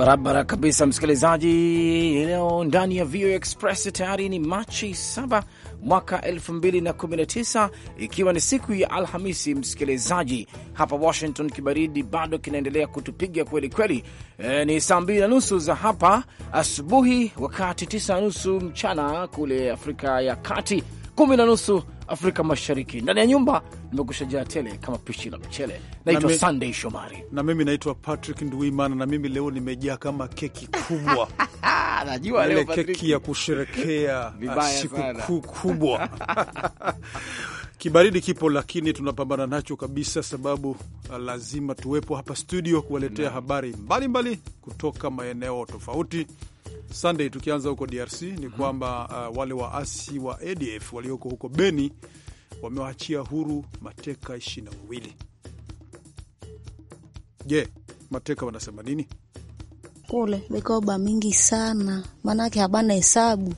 Barabara kabisa, msikilizaji. Leo ndani ya VOA Express tayari ni Machi 7b mwaka 2019 ikiwa ni siku ya Alhamisi. Msikilizaji, hapa Washington kibaridi bado kinaendelea kutupiga kweli kweli. E, ni saa mbili na nusu za hapa asubuhi, wakati tisa na nusu mchana kule Afrika ya Kati kumi na nusu Afrika Mashariki. Ndani ya nyumba nimekusha jaa tele kama pishi la mchele. Naitwa Sunday Shomari na mimi naitwa Patrick Nduimana, na mimi leo nimejaa kama keki kubwa Najua leo keki ya kusherekea sikukuu kubwa Kibaridi kipo lakini tunapambana nacho kabisa, sababu ah, lazima tuwepo hapa studio kuwaletea habari mbalimbali mbali kutoka maeneo tofauti Sunday, tukianza huko DRC ni mhm. kwamba uh, wale waasi wa ADF walioko huko Beni wamewaachia huru mateka ishirini na wawili. Je, yeah, mateka wanasema nini? Kule mikoba mingi sana, maanake habana hesabu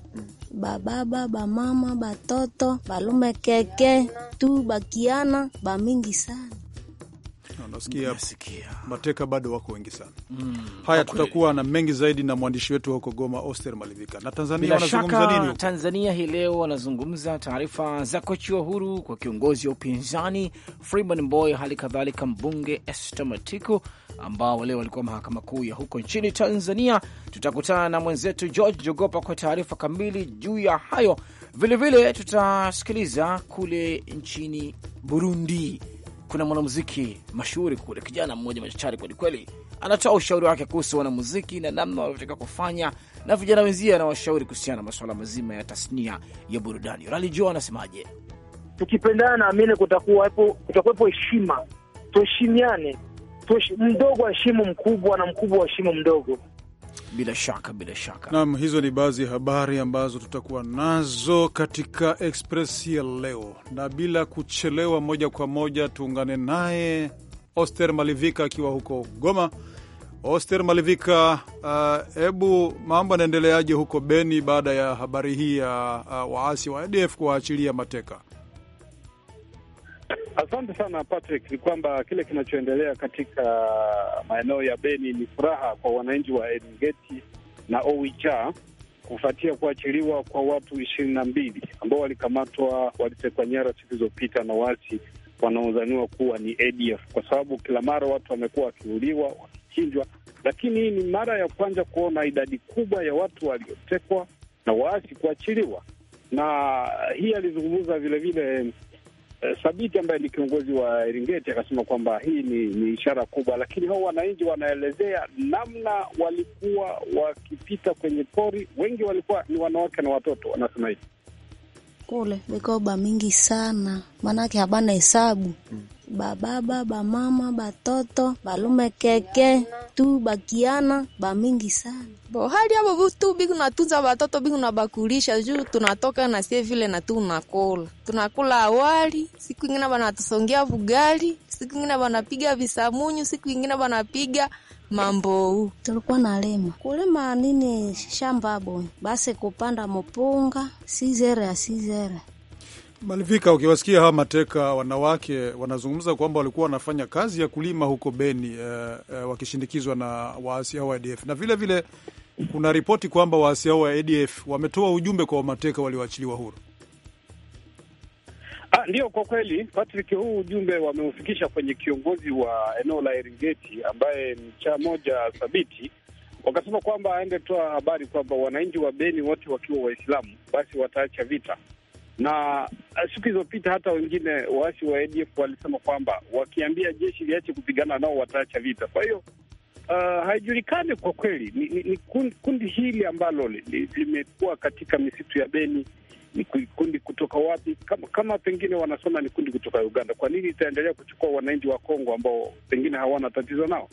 bababa bamama batoto balume keke tu bakiana bamingi sana nasikia mateka bado wako wengi sana mm. Haya, tutakuwa na mengi zaidi na mwandishi wetu huko Goma, Oster Malivika. Na Tanzania wanazungumza nini? Tanzania hii leo wanazungumza taarifa za kuachiwa huru kwa kiongozi wa upinzani Freeman Mbowe, hali kadhalika mbunge Esther Matiko ambao leo walikuwa mahakama kuu ya huko nchini Tanzania. Tutakutana na mwenzetu George Jogopa kwa taarifa kamili juu ya hayo. Vilevile tutasikiliza kule nchini Burundi kuna mwanamuziki mashuhuri kule, kijana mmoja machachari kwelikweli, anatoa ushauri wake kuhusu wanamuziki na namna wanavyotakiwa kufanya, na vijana wenzie anawashauri kuhusiana na masuala mazima ya tasnia ya burudani. Rali Jo anasemaje? Tukipendana naamini kutakuwepo heshima, tuheshimiane, mdogo aheshimu mkubwa na mkubwa aheshimu mdogo. Bila shaka bila shaka. Naam, hizo ni baadhi ya habari ambazo tutakuwa nazo katika Express ya leo, na bila kuchelewa, moja kwa moja tuungane naye Oster Malivika akiwa huko Goma. Oster Malivika, hebu uh, mambo yanaendeleaje huko Beni baada ya habari hii ya uh, waasi wa ADF kuwaachilia mateka? Asante sana Patrick. Ni kwamba kile kinachoendelea katika maeneo ya Beni ni furaha kwa wananchi wa Eringeti na Oicha kufuatia kuachiliwa kwa watu ishirini na mbili ambao walikamatwa, walitekwa nyara siku zilizopita na waasi wanaodhaniwa kuwa ni ADF, kwa sababu kila mara watu wamekuwa wakiuliwa, wakichinjwa, lakini hii ni mara ya kwanza kuona idadi kubwa ya watu waliotekwa na waasi kuachiliwa. Na hii alizungumza vilevile Eh, Sabiti ambaye ni kiongozi wa Eringeti akasema kwamba hii ni, ni ishara kubwa, lakini hao wananchi wanaelezea namna walikuwa wakipita kwenye pori, wengi walikuwa ni wanawake na watoto, wanasema hivi kule beko ba mingi sana, maanake habana hesabu mm. Bababa bamama batoto balume keke tu bakiana bamingi sana bo hali abo butu bikunatunza batoto bakulisha juu tunatoka na sie vile na tu unakula tunakula awali, siku ingine tusongea bugali, siku ingine banapiga visamunyu, siku ingine banapiga mambo tulikuwa na lima kulima nini shamba bo basi kupanda mupunga sizere asizere Malivika, ukiwasikia hawa mateka wanawake wanazungumza kwamba walikuwa wanafanya kazi ya kulima huko Beni eh, eh, wakishindikizwa na waasi hao wa ADF na vilevile vile, kuna ripoti kwamba waasi hao wa ADF wametoa ujumbe kwa wamateka walioachiliwa huru. Ah, ndio kwa kweli Patrick, huu ujumbe wameufikisha kwenye kiongozi wa eneo la Eringeti ambaye ni cha moja thabiti. Wakasema kwamba aende toa habari kwamba wananchi wa Beni wote wakiwa Waislamu basi wataacha vita, na eh, siku ilizopita hata wengine waasi wa ADF walisema kwamba wakiambia jeshi liache kupigana nao wataacha vita. Kwa hiyo uh, haijulikani kwa kweli ni, ni, ni kundi hili ambalo limekuwa katika misitu ya Beni ni kundi kutoka wapi? Kama, kama pengine wanasema ni kundi kutoka Uganda, kwa nini itaendelea kuchukua wananchi wa Kongo ambao pengine hawana tatizo nao?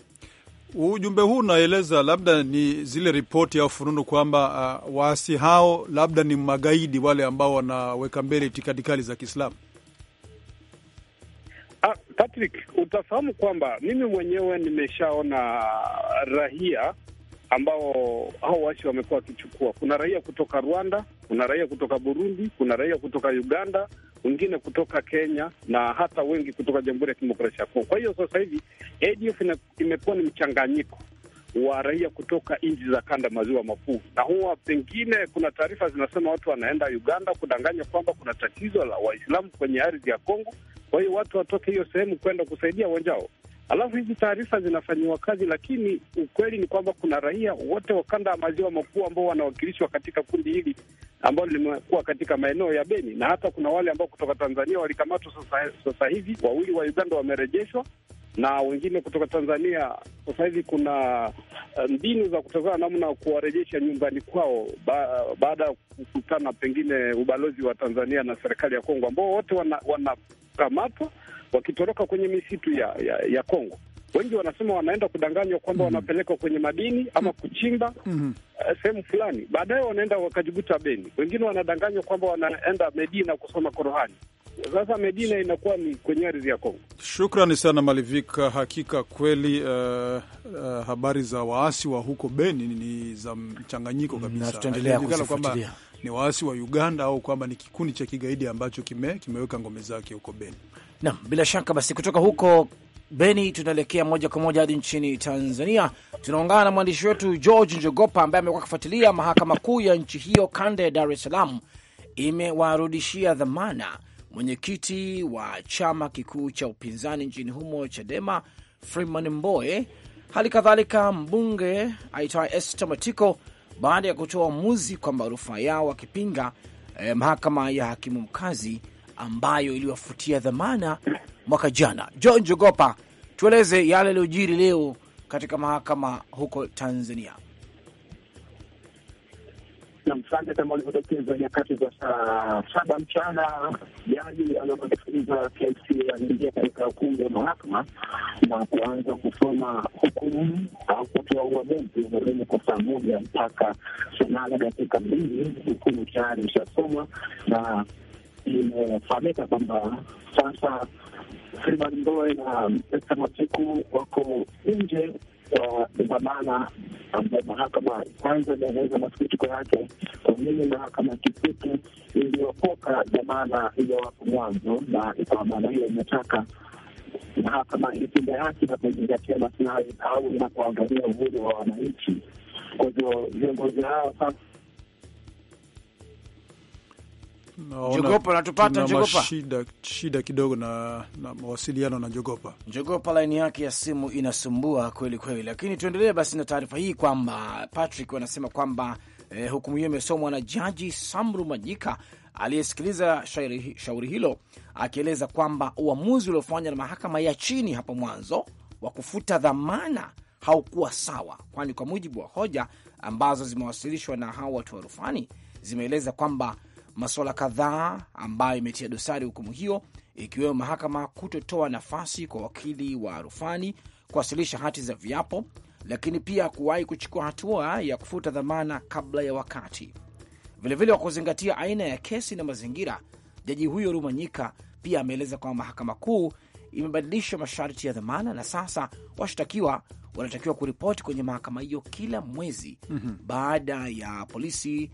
Ujumbe huu unaeleza labda ni zile ripoti au fununu kwamba uh, waasi hao labda ni magaidi wale ambao wanaweka mbele itikadi kali za Kiislamu. Ah, Patrick, utafahamu kwamba mimi mwenyewe nimeshaona uh, rahia ambao hao waasi wamekuwa wakichukua. Kuna raia kutoka Rwanda, kuna raia kutoka Burundi, kuna raia kutoka Uganda, wengine kutoka Kenya na hata wengi kutoka Jamhuri ya Kidemokrasia ya Kongo. Kwa hiyo sasa hivi ADF imekuwa ni mchanganyiko wa raia kutoka nchi za kanda maziwa makuu, na huwa pengine kuna taarifa zinasema watu wanaenda Uganda kudanganya kwamba kuna tatizo la Waislamu kwenye ardhi ya Kongo, kwa hiyo watu watoke hiyo sehemu kwenda kusaidia wenjao. Alafu hizi taarifa zinafanyiwa kazi, lakini ukweli ni kwamba kuna raia wote wa kanda ya maziwa makuu ambao wanawakilishwa katika kundi hili ambalo limekuwa katika maeneo ya Beni, na hata kuna wale ambao kutoka Tanzania walikamatwa sasa, sasa hivi wawili wa Uganda wamerejeshwa na wengine kutoka Tanzania. Sasa hivi kuna eh, mbinu za kutazama namna ya kuwarejesha nyumbani kwao ba, baada ya kukutana pengine ubalozi wa Tanzania na serikali ya Kongo, ambao wote wanakamatwa wana wakitoroka kwenye misitu ya, ya, ya Kongo. Wengi wanasema wanaenda kudanganywa kwamba mm -hmm. wanapelekwa kwenye madini ama mm-hmm. kuchimba mm -hmm. uh, sehemu fulani, baadaye wanaenda wakajikuta Beni. Wengine wanadanganywa kwamba wanaenda Medina kusoma Korohani. Sasa Medina inakuwa ni kwenye ardhi ya Kongo. Shukrani sana Malivika, hakika kweli. Uh, uh, habari za waasi wa huko Beni ni za mchanganyiko kabisa, ni waasi wa Uganda au kwamba ni kikundi cha kigaidi ambacho kime, kimeweka ngome zake huko Beni. Nam, bila shaka basi, kutoka huko Beni tunaelekea moja kwa moja hadi nchini Tanzania. Tunaungana na mwandishi wetu George Njogopa ambaye amekuwa akifuatilia mahakama kuu ya nchi hiyo kanda ya Dar es Salaam imewarudishia dhamana mwenyekiti wa chama kikuu cha upinzani nchini humo Chadema, Freeman Mbowe, hali kadhalika mbunge aitwa Esther Matiko baada ya kutoa uamuzi kwamba rufaa yao wakipinga eh, mahakama ya hakimu mkazi ambayo iliwafutia dhamana mwaka jana. John Jogopa, tueleze yale yaliyojiri leo katika mahakama huko Tanzania. Asante. Kama ulivyodokeza, nyakati za saa saba mchana jaji anaosikiliza kesi aliingia katika ukumbi wa mahakama na kuanza kusoma hukumu au kutoa uamuzi unadumu kwa saa moja mpaka saa nane dakika mbili. Hukumu tayari ishasomwa na imefahamika kwamba sasa Freeman Mbowe na Esther Matiku wako nje kwa dhamana ambayo mahakama kwanza imeeleza masikitiko yake kwa nini mahakama Kisutu iliyopoka dhamana iliyowapo mwanzo, na kwa maana hiyo imetaka mahakama itende haki na kuzingatia maslahi au inapoangalia uhuru wa wananchi. Kwa hivyo viongozi hao sasa Jogopa, natupata Jogopa? Shida, shida kidogo na, na mawasiliano na Jogopa. Jogopa laini yake ya simu inasumbua kweli kweli, lakini tuendelee basi na taarifa hii kwamba Patrick wanasema kwamba eh, hukumu hiyo imesomwa na Jaji Samru Majika aliyesikiliza shauri hilo akieleza kwamba uamuzi uliofanywa na mahakama ya chini hapo mwanzo wa kufuta dhamana haukuwa sawa, kwani kwa mujibu wa hoja ambazo zimewasilishwa na hao watu wa rufani zimeeleza kwamba masuala kadhaa ambayo imetia dosari hukumu hiyo, ikiwemo mahakama kutotoa nafasi kwa wakili wa rufani kuwasilisha hati za viapo, lakini pia kuwahi kuchukua hatua ya kufuta dhamana kabla ya wakati. Vilevile, kwa kuzingatia aina ya kesi na mazingira, jaji huyo Rumanyika pia ameeleza kwamba mahakama kuu imebadilisha masharti ya dhamana na sasa washtakiwa wanatakiwa kuripoti kwenye mahakama hiyo kila mwezi, mm -hmm. baada ya polisi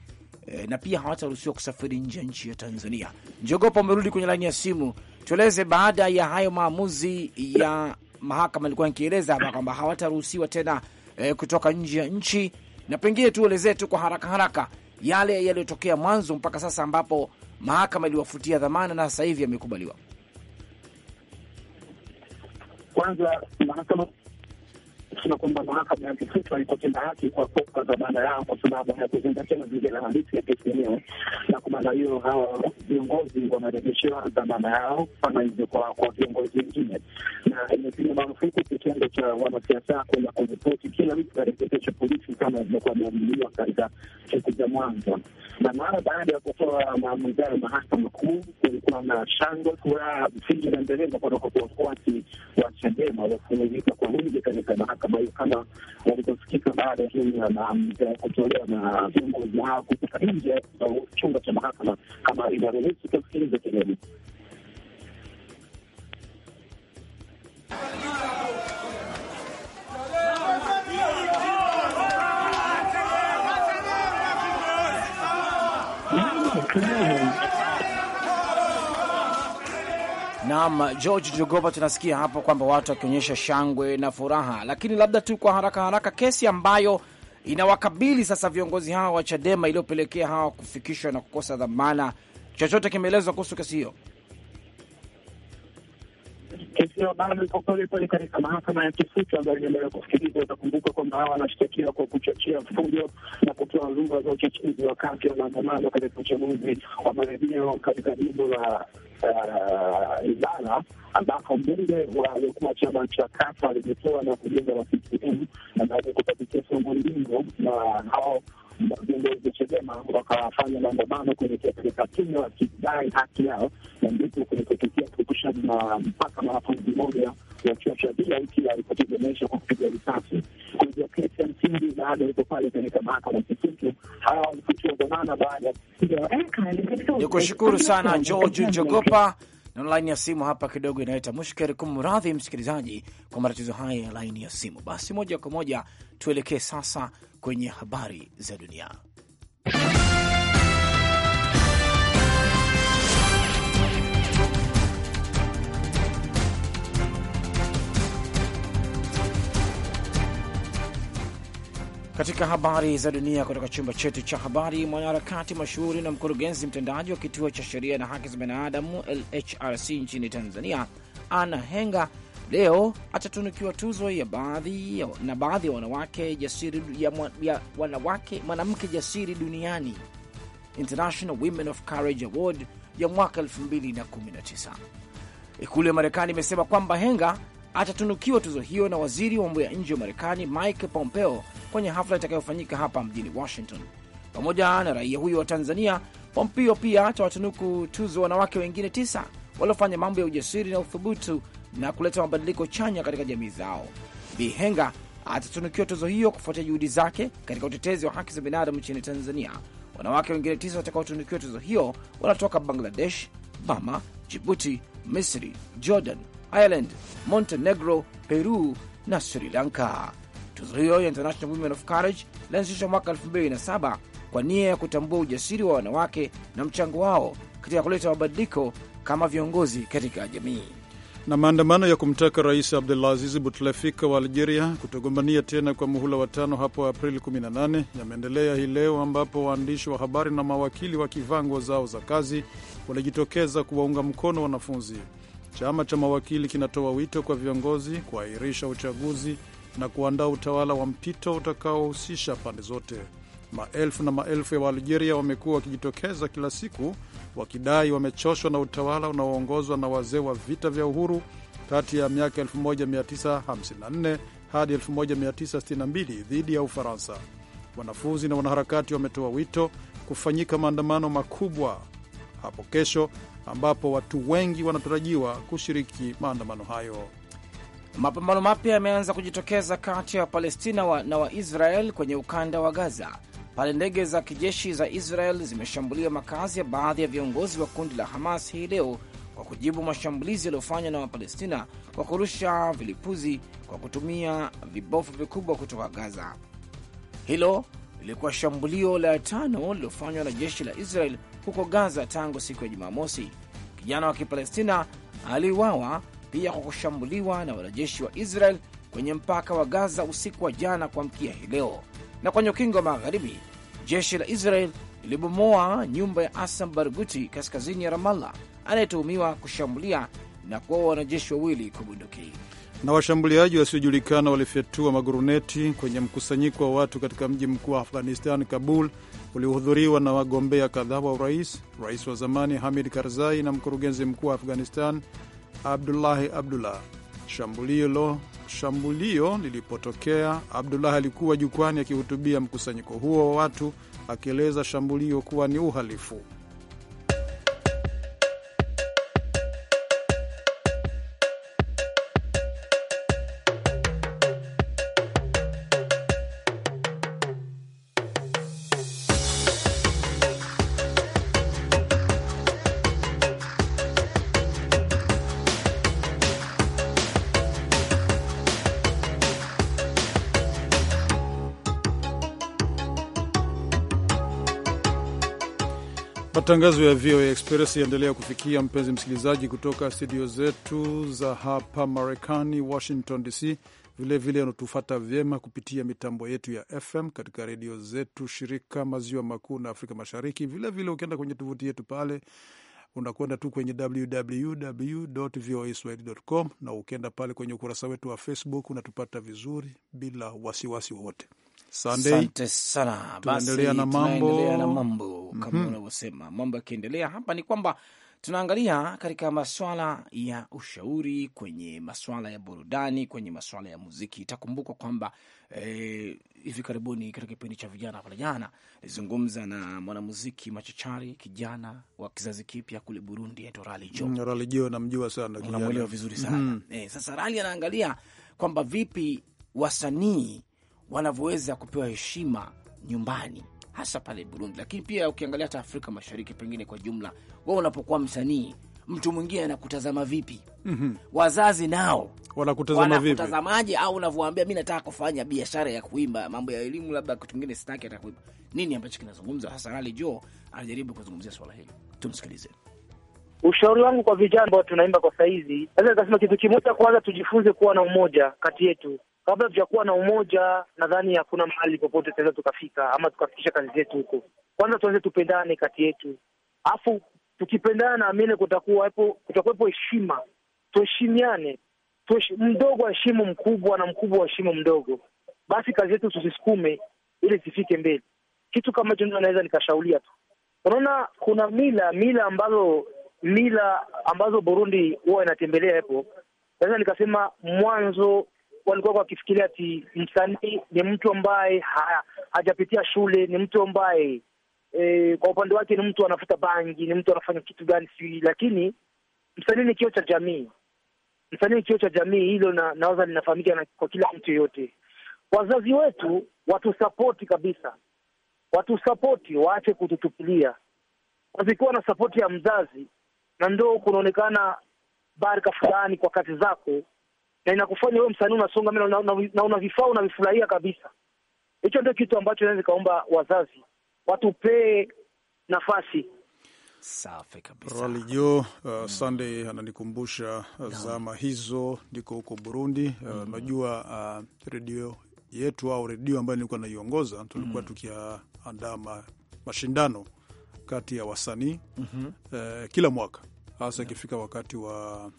e, na pia hawataruhusiwa kusafiri nje ya nchi ya Tanzania. Njogopa, umerudi kwenye laini ya simu, tueleze baada ya hayo maamuzi ya mahakama. Ilikuwa nikieleza hapa kwamba hawataruhusiwa tena e, kutoka nje ya nchi, na pengine tuelezee tu kwa haraka haraka yale yaliyotokea mwanzo mpaka sasa ambapo mahakama iliwafutia dhamana na sasa hivi yamekubaliwa. Kwanza mahakama kusema kwamba mahakama ya Kisutu haikutenda haki kwa kosa za banda yao kwa sababu hayakuzingatia mazingira halisi ya kesi yenyewe. Kwa hiyo hawa uh, viongozi wanarejeshewa dhamana yao kama hivyo kwa viongozi wengine, na imepiga marufuku kitendo cha wanasiasa kwenda kuripoti kila mtu katika polisi kama imekuwa imeamuliwa katika siku za mwanzo. Na mara baada ya kutoa maamuzi hayo mahakama kuu, kulikuwa na shangwe, furaha, msingi na nderemo kutoka kwa wafuasi wa Chadema waliofurika kwa wingi katika mahakama hiyo, kama walivyosikika baada ya maamuzi hayo kutolewa na viongozi hao kutoka nje ya chumba cha mahakama nam kama tafsiri za Naam, George Jogopa, tunasikia hapo kwamba watu wakionyesha shangwe na furaha, lakini labda tu kwa haraka haraka, kesi ambayo inawakabili sasa viongozi hawa wa Chadema iliyopelekea hawa kufikishwa na kukosa dhamana. Chochote kimeelezwa kuhusu kesi hiyo? Kesi hiyo bado iko pole pole katika mahakama ya Kisutu ambayo inaendelea kusikilizwa. Utakumbuka kwamba hawa wanashtakiwa kwa kuchochea fujo na kutoa lugha za uchochezi wakati wa maandamano katika uchaguzi wa marudio katika jimbo la uh, Ilala ambapo mbunge wa aliokuwa chama cha Kafa alijitoa na kujenga wafikimu na baada ya kupatikea songo ndingo na hao viongozi wa Chadema wakafanya maandamano kuelekea katika Kenya wakidai haki yao, na ndipo kunakotukia purukushani na mpaka mwanafunzi mmoja wa chuo cha DIT alipoteza maisha kwa kupiga risasi. Kwa hivyo kesi ya msingi bado iko pale katika mahakama Kisutu. Hawa walifutiwa dhamana baada ya eh, ni kushukuru eh, sana George eh, Njogopa nlaini laini ya simu hapa kidogo inaleta mushkeli. Kumradhi msikilizaji kwa matatizo haya ya laini ya simu. Basi moja kwa moja tuelekee sasa kwenye habari za dunia. Katika habari za dunia kutoka chumba chetu cha habari, mwanaharakati mashuhuri na mkurugenzi mtendaji wa kituo cha sheria na haki za binadamu LHRC nchini Tanzania, Anna Henga leo atatunukiwa tuzo ya baadhi na baadhi ya wanawake jasiri ya, ya wanawake mwanamke jasiri duniani International Women of Courage Award ya mwaka 2019. Ikulu ya Marekani imesema kwamba Henga atatunukiwa tuzo hiyo na waziri wa mambo ya nje wa Marekani Mike Pompeo kwenye hafla itakayofanyika hapa mjini Washington. Pamoja na raia huyo wa Tanzania, Pompeo pia atawatunuku tuzo wanawake wengine tisa waliofanya mambo ya ujasiri na uthubutu na kuleta mabadiliko chanya katika jamii zao. Bihenga atatunukiwa tuzo hiyo kufuatia juhudi zake katika utetezi wa haki za binadamu nchini Tanzania. Wanawake wengine tisa watakaotunukiwa tuzo hiyo wanatoka Bangladesh, Bama, Jibuti, Misri, Jordan, Ireland, Montenegro, Peru na Sri Lanka. Tuzo hiyo ya International Women of Courage ilianzishwa mwaka 2007 kwa nia ya kutambua ujasiri wa wanawake na mchango wao katika kuleta mabadiliko kama viongozi katika jamii. Na maandamano ya kumtaka Rais Abdulaziz Butlefika wa Algeria kutogombania tena kwa muhula wa tano hapo Aprili 18 yameendelea hii leo, ambapo waandishi wa habari na mawakili wakivaa nguo zao za kazi walijitokeza kuwaunga mkono wanafunzi. Chama cha mawakili kinatoa wito kwa viongozi kuahirisha uchaguzi na kuandaa utawala wa mpito utakaohusisha pande zote. Maelfu na maelfu ya Waalgeria wamekuwa wakijitokeza kila siku wakidai wamechoshwa na utawala unaoongozwa na wazee wa vita vya uhuru kati ya miaka 1954 hadi 1962 dhidi ya Ufaransa. Wanafunzi na wanaharakati wametoa wito kufanyika maandamano makubwa hapo kesho ambapo watu wengi wanatarajiwa kushiriki maandamano hayo. Mapambano mapya yameanza kujitokeza kati ya Wapalestina wa na Waisrael kwenye ukanda wa Gaza pale ndege za kijeshi za Israel zimeshambulia makazi ya baadhi ya viongozi wa kundi la Hamas hii leo kwa kujibu mashambulizi yaliyofanywa na Wapalestina kwa kurusha vilipuzi kwa kutumia vibofu vikubwa kutoka Gaza. Hilo lilikuwa shambulio la tano lililofanywa na jeshi la Israel huko Gaza tangu siku ya Jumamosi. Kijana wa Kipalestina aliuawa pia kwa kushambuliwa na wanajeshi wa Israel kwenye mpaka wa Gaza usiku wa jana kuamkia hii leo. Na kwenye ukingo wa magharibi, jeshi la Israel lilibomoa nyumba ya Asam Barguti kaskazini ya Ramallah, anayetuhumiwa kushambulia na kuwaua wanajeshi wawili kwa bunduki. Na washambuliaji wasiojulikana walifyatua maguruneti kwenye mkusanyiko wa watu katika mji mkuu wa Afghanistan, Kabul, uliohudhuriwa na wagombea kadhaa wa urais, rais wa zamani Hamid Karzai na mkurugenzi mkuu wa Afghanistan Abdullahi Abdullah. Shambulio shambulio lilipotokea, Abdullahi alikuwa jukwani akihutubia mkusanyiko huo wa watu, akieleza shambulio kuwa ni uhalifu. Matangazo ya VOA Express yaendelea kufikia mpenzi msikilizaji, kutoka studio zetu za hapa Marekani, Washington DC. Vilevile unatufata vyema kupitia mitambo yetu ya FM katika redio zetu shirika maziwa makuu na Afrika Mashariki. Vilevile ukienda kwenye tovuti yetu pale unakwenda tu kwenye www.voaswahili.com na ukienda pale kwenye ukurasa wetu wa Facebook unatupata vizuri bila wasiwasi wowote wasi Asante sana. tunaendelea na mambo mhm. kama mm -hmm. unavyosema mambo yakiendelea hapa ni kwamba tunaangalia katika maswala ya ushauri, kwenye maswala ya burudani, kwenye maswala ya muziki. Itakumbukwa kwamba eh, hivi e, karibuni katika kipindi cha vijana pale jana nilizungumza na mwanamuziki machachari kijana wa kizazi kipya kule Burundi anaitwa mm, namjua sana, unamwelewa vizuri sana mm. E, sasa Rali anaangalia kwamba vipi wasanii wanavyoweza kupewa heshima nyumbani, hasa pale Burundi, lakini pia ukiangalia hata Afrika Mashariki pengine kwa jumla. Wewe unapokuwa msanii, mtu mwingine anakutazama vipi? mm -hmm. Wazazi nao wanakutazama vipi? Wanakutazamaje? Au unavyoambia mi nataka kufanya biashara ya kuimba, mambo ya elimu, labda kitu kingine sitaki, hata kuimba. Nini ambacho kinazungumza hasa? Rali Jo anajaribu kuzungumzia swala hili, tumsikilize. Ushauri wangu kwa vijana ambao tunaimba kwa saizi, naweza nikasema kitu kimoja, kwanza tujifunze kuwa na umoja kati yetu. Kabla tujakuwa na umoja, nadhani hakuna mahali popote tunaweza tukafika ama tukafikisha kazi zetu huko. Kwanza tuanze tupendane kati yetu, afu tukipendana, naamini kutakuwepo kutakuwepo heshima, tuheshimiane, mdogo aheshimu mkubwa na mkubwa aheshimu mdogo. Basi kazi yetu tusisukume ili zifike mbele. Kitu kama hicho ndio naweza nikashaulia tu. Unaona, kuna mila mila ambazo mila ambazo Burundi huwa inatembelea hapo. Sasa nikasema mwanzo walikuwa wakifikiria ati msanii ni mtu ambaye hajapitia shule, ni mtu ambaye e, kwa upande wake ni mtu anafuta bangi, ni mtu anafanya kitu gani sijui, lakini msanii ni kioo cha jamii. Msanii ni kioo cha jamii, hilo na, naweza linafahamika na, kwa kila mtu yoyote. Wazazi wetu watusapoti kabisa, watusapoti, waache kututupilia. Wazikuwa na sapoti ya mzazi na ndo kunaonekana baraka fulani kwa kazi zako, na inakufanya wewe msanii unasonga mbele na, una vifaa na unavifaa unavifurahia kabisa. Hicho ndio kitu ambacho naweza kaomba wazazi watupee nafasi. Safi kabisa. Rali Jo, uh, mm. Sunday ananikumbusha uh, no. zama hizo ndiko huko Burundi. Uh, mhm. Unajua mm. uh, redio yetu au redio ambayo nilikuwa naiongoza tulikuwa mm. tukiandaa mashindano kati ya wasanii mm -hmm. eh, kila mwaka hasa ikifika yeah. wakati wa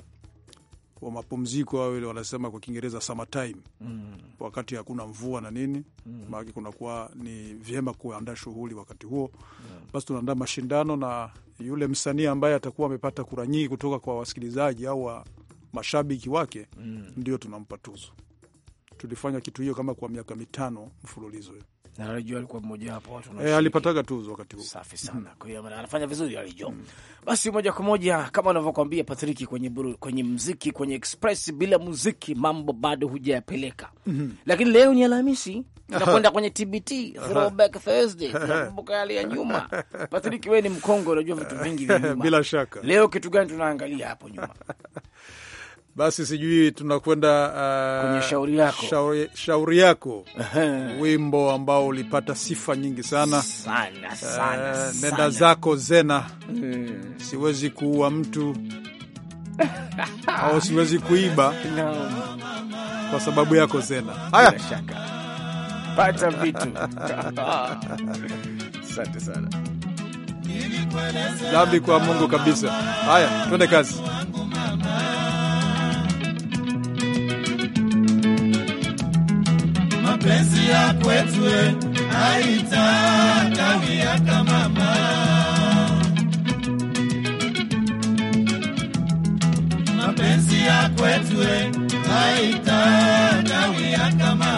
wa mapumziko au ile wanasema kwa Kiingereza samatim mm. wakati hakuna mvua na nini mm. maana kunakuwa ni vyema kuandaa shughuli wakati huo yeah. Basi tunaandaa mashindano na yule msanii ambaye atakuwa amepata kura nyingi kutoka kwa wasikilizaji au wa mashabiki wake mm. ndio tunampa tuzo. Tulifanya kitu hiyo kama kwa miaka mitano mfululizo hiyo na Alijo alikuwa mmoja wapo watu e, alipataga tuzo wakati huo. Safi sana, kwa hiyo anafanya vizuri Alijo. Mm. Basi moja kwa moja kama unavyokuambia Patrick, kwenye buru, kwenye mziki, kwenye express, bila muziki mambo bado hujayapeleka. Mm -hmm. Lakini leo ni Alhamisi tunakwenda kwenye TBT Throwback Thursday, tunakumbuka yale ya nyuma. Patrick, wewe ni Mkongo, unajua vitu vingi vya nyuma. Bila shaka leo kitu gani tunaangalia hapo nyuma? Basi sijui tunakwenda uh, kwenye shauri yako, shauri, shauri yako. wimbo ambao ulipata sifa nyingi sana, sana, sana, uh, sana. Nenda zako Zena hmm. Siwezi kuua mtu au siwezi kuiba no. Kwa sababu yako Zena, haya pata vitu asante sana, kwa Mungu kabisa. Haya, twende kazi. mapenzi ya kwetu haitakawia kama mama, mapenzi ya kwetu haitakawia kama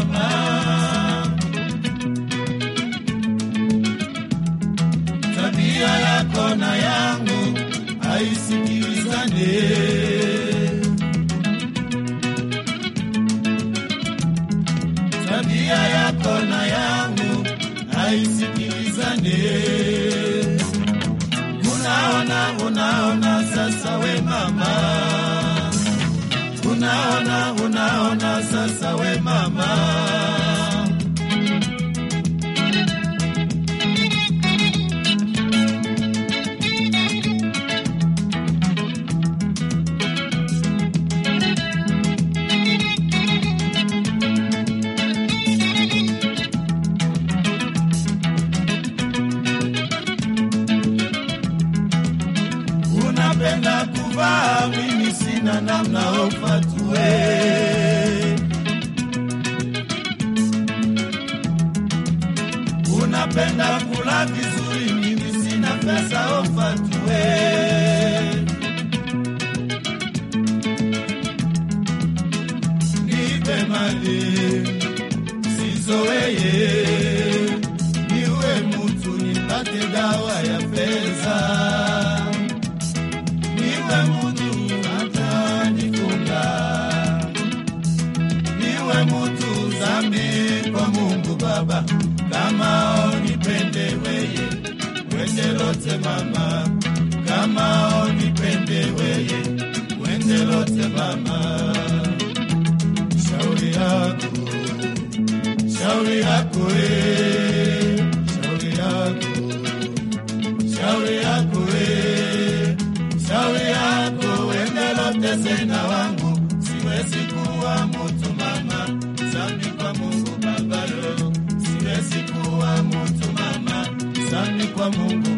Bwana To worth lote mama, kama unipende weye, wende lote mama. Shauri yako, shauri yako we, shauri yako, shauri yako we, shauri yako, wende lote sena wangu, siwezi kuwa mutu mama, zambi kwa Mungu babalo, siwezi kuwa mutu mama, zambi kwa Mungu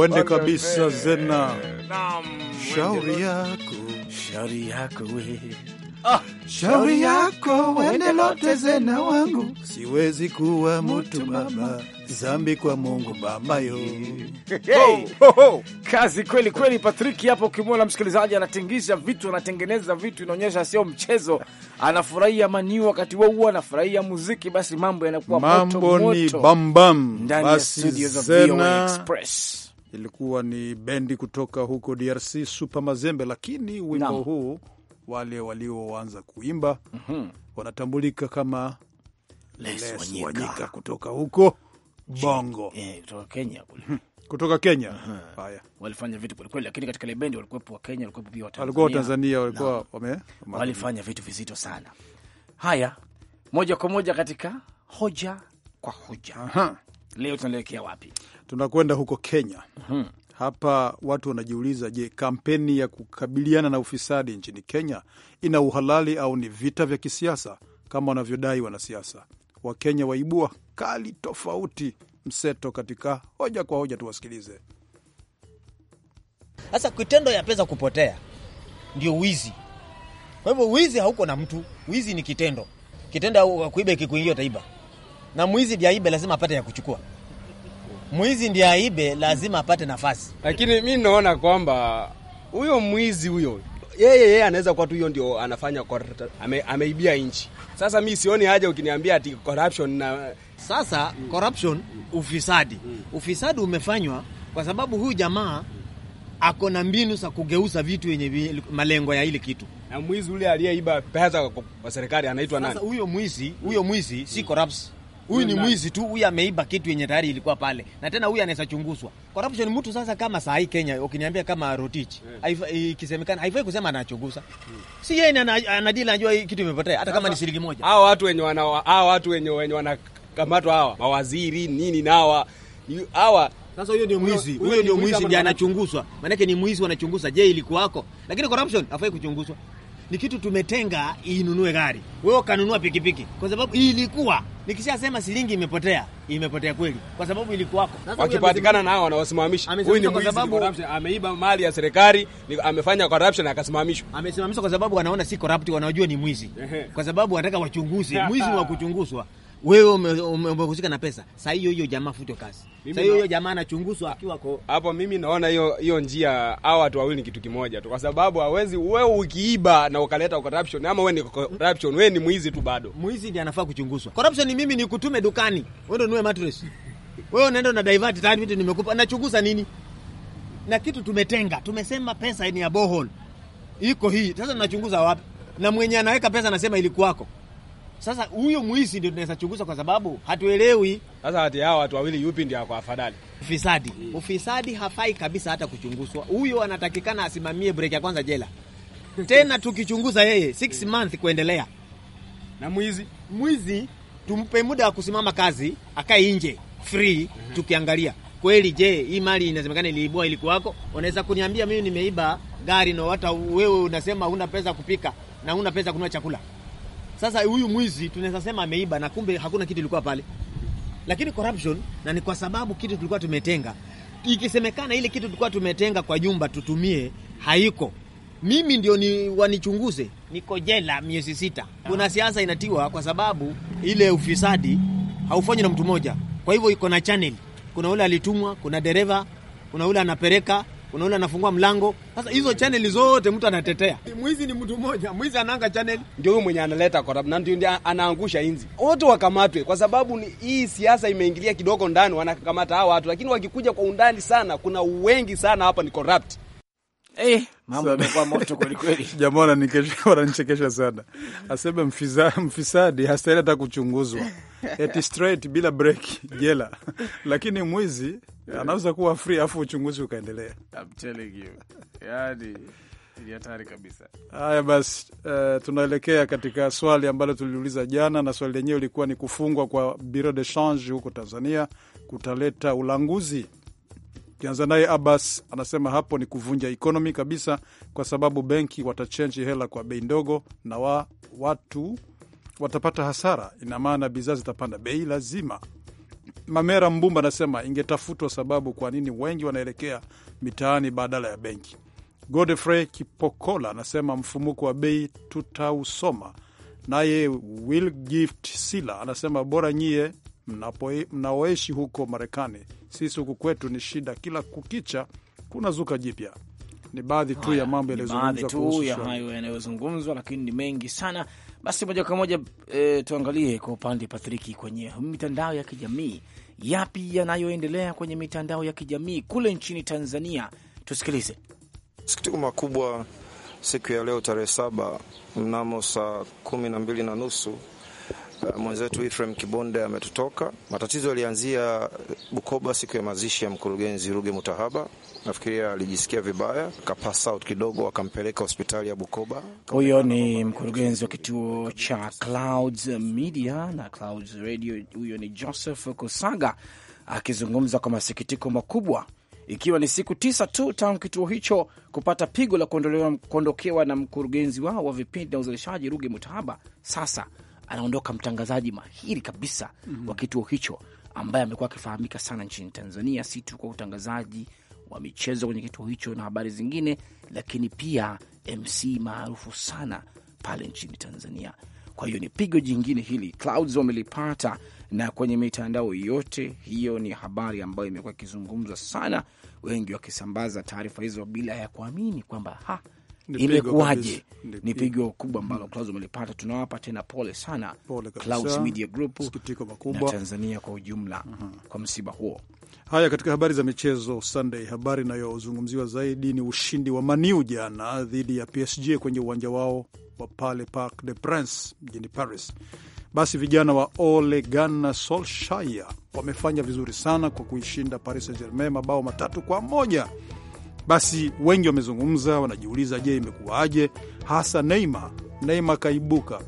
Wende kabisa zena shauri yako shauri yako we ah, shauri yako wende lote zena wangu, siwezi kuwa mutu mama zambi kwa Mungu baba yo. Hey, ho, ho. Kazi kweli kweli, Patrick hapo. Ukimwona msikilizaji anatingisha vitu, anatengeneza vitu, inaonyesha sio mchezo, anafurahia manii wakati huo huo anafurahia muziki, basi mambo yanakuwa moto moto, mambo ni bambam. Ndani ya studio za VOA Express ilikuwa ni bendi kutoka huko DRC Super Mazembe, lakini wimbo no. huu wale walioanza kuimba mm -hmm. wanatambulika kama Les Wanyika. kutoka huko Bongo eh, kutoka Kenya kule hmm. kutoka Kenya. Haya, walifanya vitu kwelikweli, lakini katika ile bendi walikuwepo Wakenya, walikuwepo pia walikuwa Watanzania, walikuwa wame walifanya vitu vizito sana. Haya, moja kwa moja katika hoja kwa hoja. Aha. Leo tunaelekea wapi? tunakwenda huko Kenya. hmm. Hapa watu wanajiuliza, je, kampeni ya kukabiliana na ufisadi nchini Kenya ina uhalali au ni vita vya kisiasa kama wanavyodai wanasiasa? Wakenya waibua kali tofauti mseto katika hoja kwa hoja. Tuwasikilize. Sasa kitendo ya pesa kupotea ndio wizi. Kwa hivyo wizi hauko na mtu, wizi ni kitendo. Kitendo kuiba, kikuingia, utaiba, na mwizi jaiba lazima apate ya kuchukua mwizi ndiye aibe, lazima apate nafasi. Lakini mi naona kwamba huyo mwizi huyo yeye yeye anaweza kuwa tu hiyo ndio anafanya ame, ameibia nchi. Sasa mi sioni haja ukiniambia ati corruption na sasa mm. corruption ufisadi mm. ufisadi umefanywa kwa sababu huyu jamaa ako na mbinu za kugeuza vitu yenye malengo ya ile kitu. Na mwizi ule aliyeiba pesa kwa serikali anaitwa nani? Sasa huyo mwizi huyo mwizi si corrupt huyu ni mwizi tu, huyu ameiba kitu yenye tayari ilikuwa pale, na tena huyu anaweza chunguzwa corruption. Mtu sasa kama saa hii Kenya, ukiniambia kama Rotich hmm. ikisemekana, haifai kusema anachunguza, si yeye anadili, anajua kitu imepotea, hata kama ni shilingi moja. Hao watu wenye wana hao watu wenye wenye wanakamatwa hawa mawaziri nini na hawa hawa sasa huyo ndio mwizi, huyo ndio mwizi ndiye anachunguzwa. Maanake ni mwizi wanachunguza, je, ilikuwako? Lakini corruption hafai kuchunguzwa ni kitu tumetenga inunue gari, wewe ukanunua pikipiki, kwa sababu ilikuwa nikishasema shilingi imepotea, imepotea kweli, kwa sababu ilikuwako. Wakipatikana nao wanaosimamisha, huyu ni kwa sababu ameiba mali ya serikali, amefanya corruption akasimamishwa. Amesimamishwa kwa sababu wanaona si corrupt, wanaojua ni mwizi, kwa sababu wanataka wachunguze. Mwizi wa kuchunguzwa wewe umehusika na pesa, saa hiyo hiyo jamaa futwe kazi, saa hiyo hiyo jamaa anachunguzwa akiwa ko hapo. Mimi naona hiyo hiyo njia, hao watu wawili ni kitu kimoja tu, kwa sababu hawezi wewe ukiiba na ukaleta corruption, ama wewe ni corruption, wewe ni mwizi tu, bado mwizi ndiye anafaa kuchunguzwa. Corruption ni mimi nikutume dukani, wewe ndio nue mattress, wewe unaenda na divert tayari, vitu nimekupa, nachunguza nini? Na kitu tumetenga, tumesema pesa ni ya bohol iko hii sasa, tunachunguza wapi? Na mwenye anaweka pesa anasema ilikuwako sasa huyo mwizi ndio tunaweza chunguza kwa sababu hatuelewi. Sasa hati hao watu wawili, yupi ndio kwa afadhali? Ufisadi, hmm. ufisadi hafai kabisa hata kuchunguzwa. Huyo anatakikana asimamie break ya kwanza jela tena tukichunguza yeye six hmm. month kuendelea. Na mwizi, mwizi tumpe muda wa kusimama kazi, akae nje free. Hmm. Tukiangalia kweli, je, hii mali inasemekana iliibwa ilikuwako? Unaweza kuniambia mimi nimeiba gari na no, hata wewe unasema huna pesa kupika na huna pesa kununua chakula sasa huyu mwizi tunaweza sema ameiba na kumbe hakuna kitu ilikuwa pale, lakini corruption, na ni kwa sababu kitu tulikuwa tumetenga, ikisemekana ile kitu tulikuwa tumetenga kwa nyumba tutumie, haiko mimi ndio ni wanichunguze, niko jela miezi sita. Kuna ah. siasa inatiwa kwa sababu ile ufisadi haufanyi na mtu mmoja, kwa hivyo iko na channel. Kuna ule alitumwa, kuna dereva, kuna ule anapereka kuna yule anafungua mlango. Sasa hizo channel zote mtu anatetea. Mwizi ni mtu mmoja, mwizi anaanga channel, ndio huyo mwenye analeta kwa sababu ndio anaangusha inzi. Wote wakamatwe, kwa sababu ni hii siasa imeingilia kidogo ndani, wanakamata hawa watu, lakini wakikuja kwa undani sana, kuna wengi sana hapa ni corrupt. Eh, mambo yamekuwa moto kweli kweli. Jamaa wananichekesha sana, aseme mfisa, mfisadi hastahili hata kuchunguzwa eti straight bila break jela, lakini mwizi anaweza kuwa free afu uchunguzi ukaendelea. I'm telling you. Yani ni hatari kabisa. Haya basi, uh, tunaelekea katika swali ambalo tuliuliza jana, na swali lenyewe ilikuwa ni kufungwa kwa bureau de change huko Tanzania kutaleta ulanguzi. Kianza naye Abbas anasema hapo ni kuvunja ekonomi kabisa, kwa sababu benki watachenji hela kwa bei ndogo na wa, watu watapata hasara. Ina maana bidhaa zitapanda bei lazima Mamera Mbumba anasema ingetafutwa sababu kwa nini wengi wanaelekea mitaani badala ya benki. Godfrey Kipokola anasema mfumuko wa bei tutausoma. Naye Wilgift Sila anasema bora nyie mnaoishi huko Marekani, sisi huku kwetu ni shida, kila kukicha kuna zuka jipya. Ni baadhi tu ya mambo yaliyozungumzwa, hayo yanayozungumzwa, lakini ni mengi sana. Basi moja kwa moja e, tuangalie kwa upande Patriki kwenye mitandao ya kijamii yapi yanayoendelea kwenye mitandao ya kijamii kule nchini Tanzania. Tusikilize. Masikitiko makubwa siku ya leo tarehe saba mnamo saa kumi na mbili na nusu Uh, mwenzetu Ifrem Kibonde ametutoka. Matatizo yalianzia uh, Bukoba siku ya mazishi ya mkurugenzi Ruge Mutahaba. Nafikiria alijisikia vibaya, kapass out kidogo, akampeleka hospitali ya Bukoba. Huyo ni mkurugenzi wa kituo cha Clouds Media na Clouds Radio. Huyo ni Joseph Kusaga akizungumza kwa masikitiko makubwa, ikiwa ni siku tisa tu tangu kituo hicho kupata pigo la kuondokewa na mkurugenzi wao wa vipindi na uzalishaji Ruge Mutahaba. Sasa anaondoka mtangazaji mahiri kabisa mm -hmm. wa kituo hicho ambaye amekuwa akifahamika sana nchini Tanzania, si tu kwa utangazaji wa michezo kwenye kituo hicho na habari zingine, lakini pia MC maarufu sana pale nchini Tanzania. Kwa hiyo ni pigo jingine hili, Clouds wamelipata, na kwenye mitandao yote hiyo ni habari ambayo imekuwa ikizungumzwa sana, wengi wakisambaza taarifa hizo bila ya kuamini kwamba imekuwaje? Ni pigo kubwa ambalo Klaus umelipata. Tunawapa tena pole sana pole Klaus Media Group na Tanzania kwa ujumla uh -huh. kwa msiba huo. Haya, katika habari za michezo Sunday, habari inayozungumziwa zaidi ni ushindi wa Maniu jana dhidi ya PSG kwenye uwanja wao wa pale Parc de Prince mjini Paris. Basi vijana wa Ole Gunnar Solskjaer wamefanya vizuri sana kwa kuishinda Paris Saint Germain mabao matatu kwa moja basi wengi wamezungumza, wanajiuliza, je, imekuwaje hasa Neymar? Neymar kaibuka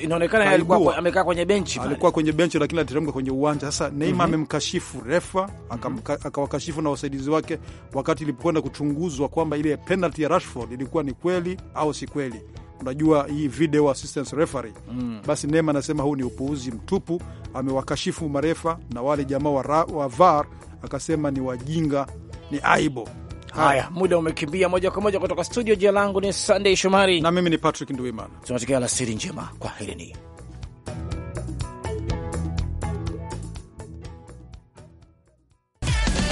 inaonekana amekaa kwenye benchi, alikuwa kwenye benchi lakini aliteremka kwenye uwanja. Sasa Neymar mhm. amemkashifu mm -hmm. refa mhm. akawakashifu na wasaidizi wake wakati ilipokwenda kuchunguzwa kwamba ile penalty ya Rashford ilikuwa ni kweli au si kweli. Unajua hii video assistance referee mm. Basi Neymar anasema huu ni upuuzi mtupu, amewakashifu marefa na wale jamaa wa, wa VAR akasema ni wajinga, ni aibo Haya, muda umekimbia moja kwa moja kutoka studio. Jina langu ni Sunday Shomari na mimi ni Patrick Nduimana. Tunatakia alasiri njema, kwaherini.